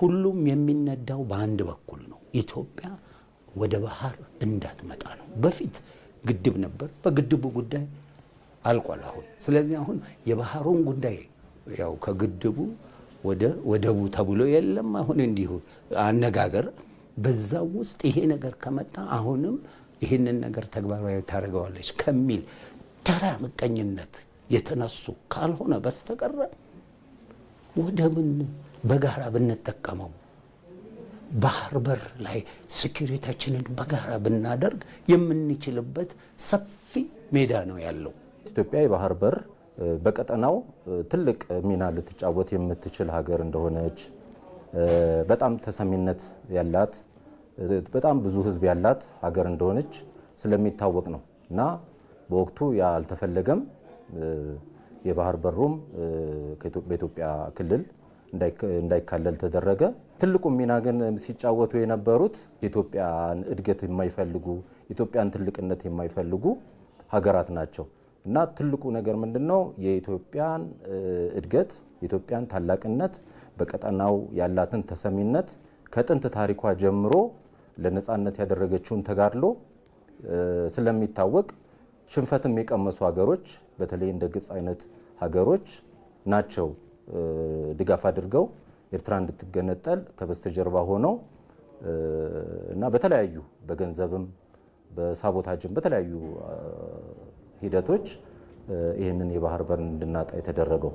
ሁሉም የሚነዳው በአንድ በኩል ነው። ኢትዮጵያ ወደ ባህር እንዳትመጣ ነው። በፊት ግድብ ነበር። በግድቡ ጉዳይ አልቋል አሁን። ስለዚህ አሁን የባህሩን ጉዳይ ያው ከግድቡ ወደ ወደቡ ተብሎ የለም አሁን እንዲሁ አነጋገር። በዛው ውስጥ ይሄ ነገር ከመጣ አሁንም ይህንን ነገር ተግባራዊ ታደርገዋለች ከሚል ተራ ምቀኝነት የተነሱ ካልሆነ በስተቀረ ወደብን በጋራ ብንጠቀመው ባህር በር ላይ ሴኪሪታችንን በጋራ ብናደርግ የምንችልበት ሰፊ ሜዳ ነው ያለው። ኢትዮጵያ የባህር በር በቀጠናው ትልቅ ሚና ልትጫወት የምትችል ሀገር እንደሆነች በጣም ተሰሚነት ያላት በጣም ብዙ ሕዝብ ያላት ሀገር እንደሆነች ስለሚታወቅ ነው እና በወቅቱ ያልተፈለገም የባህር በሩም በኢትዮጵያ ክልል እንዳይካለል ተደረገ። ትልቁ ሚና ግን ሲጫወቱ የነበሩት የኢትዮጵያን እድገት የማይፈልጉ ኢትዮጵያን ትልቅነት የማይፈልጉ ሀገራት ናቸው እና ትልቁ ነገር ምንድን ነው? የኢትዮጵያን እድገት የኢትዮጵያን ታላቅነት በቀጠናው ያላትን ተሰሚነት ከጥንት ታሪኳ ጀምሮ ለነፃነት ያደረገችውን ተጋድሎ ስለሚታወቅ ሽንፈትም የቀመሱ ሀገሮች በተለይ እንደ ግብፅ አይነት ሀገሮች ናቸው። ድጋፍ አድርገው ኤርትራ እንድትገነጠል ከበስተጀርባ ሆነው እና በተለያዩ በገንዘብም በሳቦታጅም በተለያዩ ሂደቶች ይህንን የባህር በር እንድናጣ የተደረገው